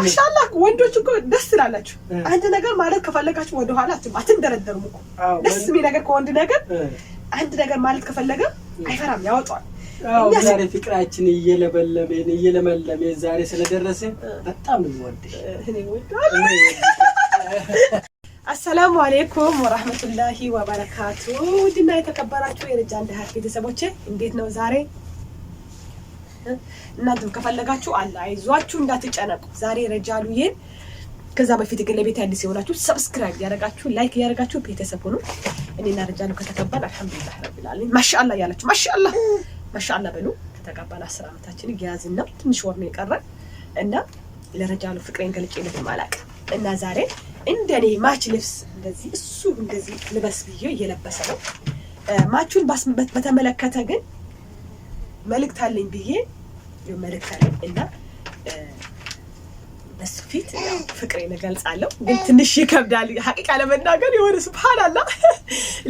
ማሻላህ ወንዶች እኮ ደስ ይላላችሁ። አንድ ነገር ማለት ከፈለጋችሁ ወደኋላ አትንደረደሩም እኮ ደስ የሚል ነገር ከወንድ ነገር አንድ ነገር ማለት ከፈለገ አይፈራም፣ ያወጣዋል። ዛሬ ፍቅራችን እየለበለመን እየለመለመን ዛሬ ስለደረሰ በጣም ነው የምወደው። አሰላሙ አሌይኩም ወራህመቱላሂ ወበረካቱ። ውድና የተከበራችሁ የረጃ እንደህት ቤተሰቦቼ እንዴት ነው ዛሬ? እናንተም ከፈለጋችሁ አለ አይዟችሁ፣ እንዳትጨነቁ። ዛሬ ረጃሉዬን ከዛ በፊት ግን ለቤት አዲስ የሆናችሁ ሰብስክራይብ ያደረጋችሁ ላይክ ያደረጋችሁ ቤተሰብ ሆኑ። እኔና ረጃሉ ከተቀባል አልሐምዱሊላህ ረቢል ማሻአላ ያላችሁ ማሻአላ ማሻአላ በሉ። ከተቀባል አስር ዓመታችን ያዝን ነው ትንሽ ወር ነው የቀረን እና ለረጃሉ ፍቅሬን ገልጬለት አላውቅም እና ዛሬ እንደኔ ማች ልብስ እንደዚህ እሱ እንደዚህ ልበስ ብዬ እየለበሰ ነው። ማቹን በተመለከተ ግን መልእክት አለኝ ብዬ መልእክት አለኝ እና በሱ ፊት ፍቅሬን እገልጻለሁ። ግን ትንሽ ይከብዳል ሀቂቃ ለመናገር የሆነ ስብሃን አላ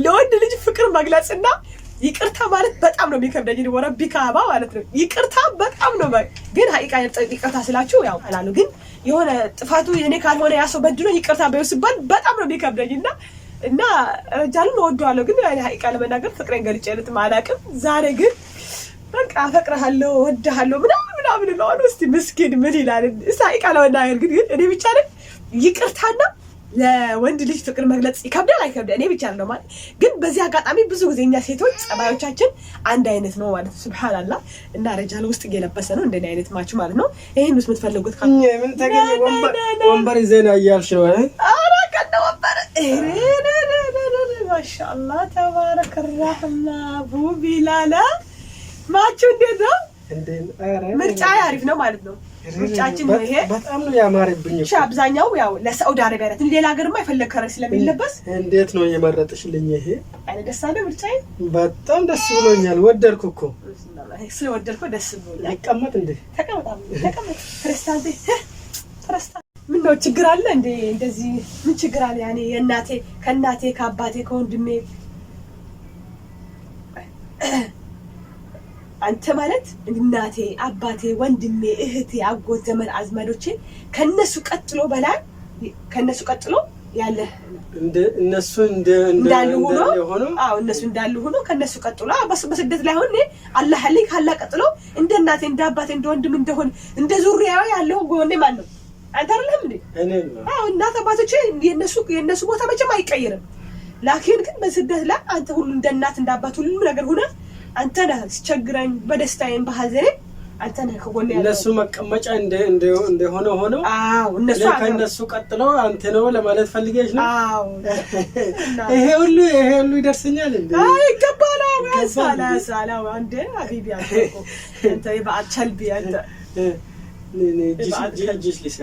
ለወንድ ልጅ ፍቅር መግለጽና ይቅርታ ማለት በጣም ነው የሚከብደኝ። ወረ ቢካባ ማለት ነው ይቅርታ በጣም ነው ግን ሀቂቃ ይቅርታ ስላችሁ ያው ላሉ ግን የሆነ ጥፋቱ እኔ ካልሆነ ያ ሰው በድሎ ይቅርታ በይው ሲባል በጣም ነው የሚከብደኝ እና እና ረጃሉን እወደዋለሁ ግን ሀቂቃ ለመናገር ፍቅሬን ገልጬ ልትም አላውቅም። ዛሬ ግን በቃ አፈቅርሃለሁ እወድሃለሁ ምናምን ምናምን ለሆነ እስቲ ምስኪን ምን ይላል ሀቂቃ ለመናገር ግን ግን እኔ ብቻ ነኝ ይቅርታና ለወንድ ልጅ ፍቅር መግለጽ ይከብዳል አይከብዳል፣ እኔ ብቻ ነው ማለት ግን፣ በዚህ አጋጣሚ ብዙ ጊዜ እኛ ሴቶች ጸባዮቻችን አንድ አይነት ነው ማለት ነው። ስብሓንላ እና ረጃል ውስጥ እየለበሰ ነው እንደኔ አይነት ማች ማለት ነው። ይህን ውስጥ የምትፈልጉት ወንበር ዜና እያልሽ ነው አራቀነ ወንበር ማሻላ ተባረክ ራህማ ቡቢላላ ማችሁ እንዴት ነው? ምርጫ አሪፍ ነው ማለት ነው። ምርጫችን ይሄ። በጣም ነው ያማረብኝ። እሺ አብዛኛው ያው ለሳውዲ አረቢያ ናት። ሌላ ሀገርማ የፈለግ ከረር ስለሚለበስ እንዴት ነው የመረጥሽልኝ? ይሄ አለ ደስ አለ ምርጫዬ። በጣም ደስ ብሎኛል። ወደድኩ እኮ ስለወደድኩ ደስ ብሎኛል። ይቀመጥ እንዴ? ተቀመጣ ተቀመጥ። ፕሬስታንት ምን ነው ችግር አለ እንዴ? እንደዚህ ምን ችግር አለ? ያኔ የእናቴ ከእናቴ ከአባቴ ከወንድሜ አንተ ማለት እናቴ፣ አባቴ፣ ወንድሜ፣ እህቴ፣ አጎት፣ ዘመን አዝማዶቼ ከነሱ ቀጥሎ በላይ ከነሱ ቀጥሎ ያለ እነሱ እንዳሉ ሆኖ አዎ እነሱ እንዳሉ ሆኖ ከነሱ ቀጥሎ በስደት ላይ ሆነ አላህ ላይ ካላ ቀጥሎ እንደ እናቴ እንደ አባቴ እንደ ወንድም እንደሆን እንደ ዙሪያ ያለው ጎኔ ማን ነው? አንተ አይደለም እንዴ? እኔ አዎ እናት አባቶቼ የነሱ የነሱ ቦታ መቼም አይቀየርም። ላኪን ግን በስደት ላይ አንተ ሁሉ እንደ እናት እንደ አባት ሁሉ ነገር ሆነ አንተ ነህ ስቸግረኝ በደስታዬም በሐዘኔም አንተ ነህ ከጎን ያለው። እነሱ መቀመጫ እንደሆነ ሆኖ ከእነሱ ቀጥሎ አንተ ነው ለማለት ፈልጌች ነው። ይሄ ሁሉ ይሄ ሁሉ ይደርሰኛል እንዴ? ይገባላ ሳላ አንዴ አቢቢ አንተ የበዓል አንተ ጅሽ ሊስራ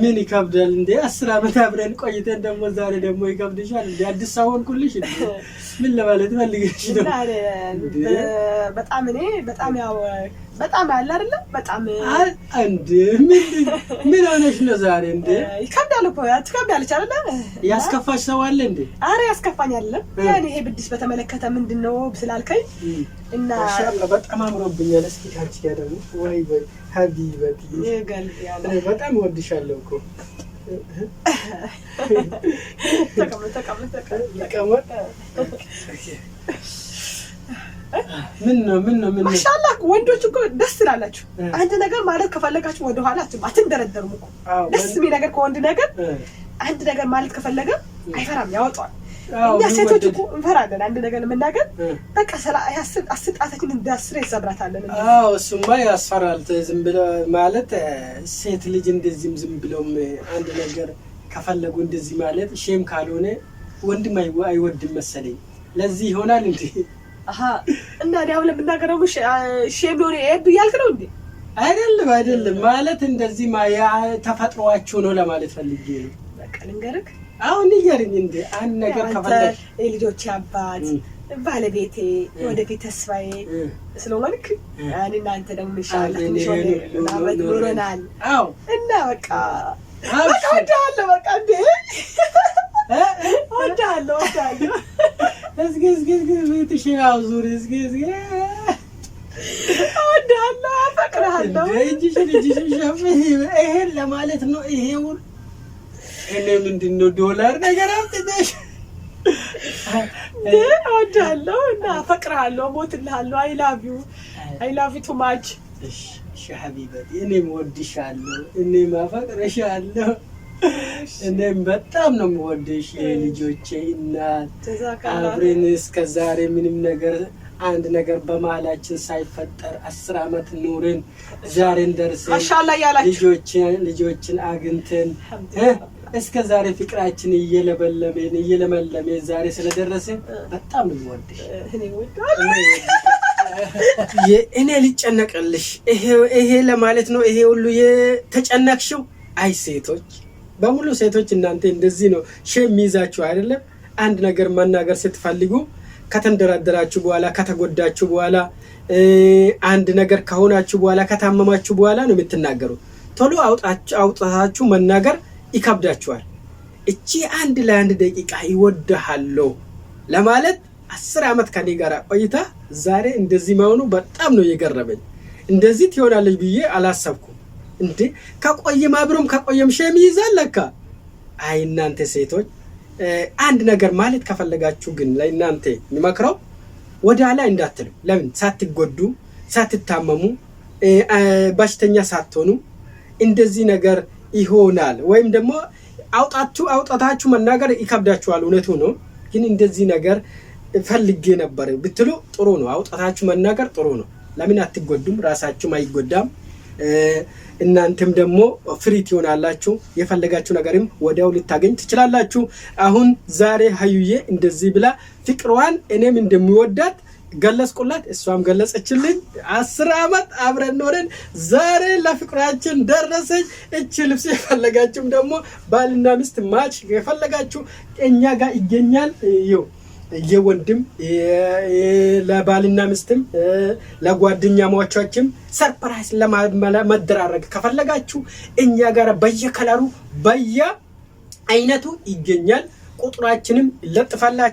ምን ይከብዳል እንዴ? አስር ዓመት አብረን ቆይተን ደግሞ ዛሬ ደግሞ ይከብድሻል እንዴ? አዲስ አሁን ኩልሽ ምን ለማለት ፈልገሽ ነው? በጣም እኔ በጣም ያው በጣም ያለ አይደለ? በጣም እንዴ! ምን ሆነሽ ነው ዛሬ? እንዴ ይከብዳል እኮ ትከብዳለች አይደለ? ያስከፋሽ ሰው አለ እንዴ? አረ ያስከፋኝ አይደለም። ያኔ ይሄ ብድስ በተመለከተ ምንድን ነው ስላልከኝ እና በጣም አምሮብኛል። እስኪ ታች ያደሩ ወይ ወይ ሀቢበቲ በጣም ወድሻለሁ እኮ ተቀመጥ ተቀመጥ ተቀመጥ ምን ነው ምን ነው ምን ነው ማሻአላህ ወንዶች እኮ ደስ ይላላችሁ። አንድ ነገር ማለት ከፈለጋችሁ ወደ ኋላ አትንደረደሩም እኮ ደስ የሚል ነገር ከወንድ ነገር አንድ ነገር ማለት ከፈለገ አይፈራም፣ ያወጣዋል። እኛ ሴቶች እኮ እንፈራለን አንድ ነገር የምናገር በቃ አስር ጣታችን እንደ አስር ይዘብራታለን። አዎ እሱማ ያስፈራል። ዝም ብለው ማለት ሴት ልጅ እንደዚህም ዝም ብለውም አንድ ነገር ከፈለጉ እንደዚህ ማለት ሼም ካልሆነ ወንድም አይወድም መሰለኝ። ለዚህ ይሆናል እንዴ እና እኔ አሁን ለምናገረው ሼም ሆነ ኤብ እያልክ ነው እንዴ? አይደለም አይደለም። ማለት እንደዚህ ተፈጥሯችሁ ነው ለማለት ፈልጌ ነው። በቃ ልንገርህ። አሁን ንገርኝ እንዴ አንድ ነገር ከፈለግ የልጆች አባት ባለቤቴ ወደፊት ተስፋዬ ስለሆንክ እናንተ ደግሞ ይሻላል ኖረናል። እና በቃ በቃ ወዳለሁ በቃ እንዴ ወዳለሁ ወዳለሁ እዝጌ እዝጌ እዝጌ ቤትሽን አዙሪ እዝጌ እዝጌ እወድሃለሁ፣ አፈቅርሃለሁ። እጅሽን እጅሽን ሸፍኝ። ይሄን ለማለት ነው። ይሄውን እኔ ምንድን ነው ዶላር ነገር አምጥተሽ እወድሃለሁ እና አፈቅርሃለሁ፣ እሞትልሃለሁ። አይ ላቭ ዩ አይ ላቭ ዩ ቱ ማች። እሺ ሐቢበቴ እኔም እወድሻለሁ፣ እኔም አፈቅርሻለሁ። እኔም በጣም ነው የምወደሽ የልጆቼ እናት። አብረን እስከዛሬ ምንም ነገር አንድ ነገር በመሀላችን ሳይፈጠር አስር አመት ኑርን ዛሬን ደርሰን ልጆችን አግኝተን እስከ ዛሬ ፍቅራችን እየለበለመን እየለመለመ ዛሬ ስለደረስን በጣም ነው የምወደሽ። እኔ ልጨነቅልሽ ይሄ ለማለት ነው። ይሄ ሁሉ የተጨነቅሽው አይ ሴቶች በሙሉ ሴቶች እናንተ እንደዚህ ነው ሼ የሚይዛችሁ አይደለም። አንድ ነገር መናገር ስትፈልጉ ከተንደራደራችሁ በኋላ ከተጎዳችሁ በኋላ አንድ ነገር ከሆናችሁ በኋላ ከታመማችሁ በኋላ ነው የምትናገሩት። ቶሎ አውጣታችሁ መናገር ይከብዳችኋል። እቺ አንድ ለአንድ ደቂቃ ይወድሃለሁ ለማለት አስር ዓመት ከኔ ጋር ቆይታ ዛሬ እንደዚህ መሆኑ በጣም ነው የገረመኝ። እንደዚህ ትሆናለች ብዬ አላሰብኩም። እንዴ ከቆየም አብሮም ከቆየም ሸም ይይዛል ለካ። አይ እናንተ ሴቶች አንድ ነገር ማለት ከፈለጋችሁ ግን ለእናንተ የሚመክረው ወደ እንዳትሉ። ለምን ሳትጎዱ ሳትታመሙ በሽተኛ ሳትሆኑ እንደዚህ ነገር ይሆናል ወይም ደግሞ አውጣችሁ አውጣታችሁ መናገር ይከብዳችኋል። እውነቱ ነው፣ ግን እንደዚህ ነገር ፈልጌ ነበር ብትሉ ጥሩ ነው። አውጣታችሁ መናገር ጥሩ ነው። ለምን አትጎዱም፣ ራሳችሁም አይጎዳም። እናንተም ደግሞ ፍሪ ትሆናላችሁ። የፈለጋችሁ ነገርም ወዲያው ልታገኝ ትችላላችሁ። አሁን ዛሬ ሀዩዬ እንደዚህ ብላ ፍቅሯን እኔም እንደሚወዳት ገለጽኩላት፣ እሷም ገለጸችልኝ። አስር አመት አብረን ኖረን ዛሬ ለፍቅራችን ደረሰኝ። እች ልብስ የፈለጋችሁም ደግሞ ባልና ሚስት ማች የፈለጋችሁ እኛ ጋር ይገኛል ይው የወንድም ለባልና ምስትም ለጓደኛሞቻችም ሰርፕራይዝ ለመደራረግ ከፈለጋችሁ እኛ ጋር በየከለሩ በየ አይነቱ ይገኛል። ቁጥራችንም ይለጥፋላችሁ።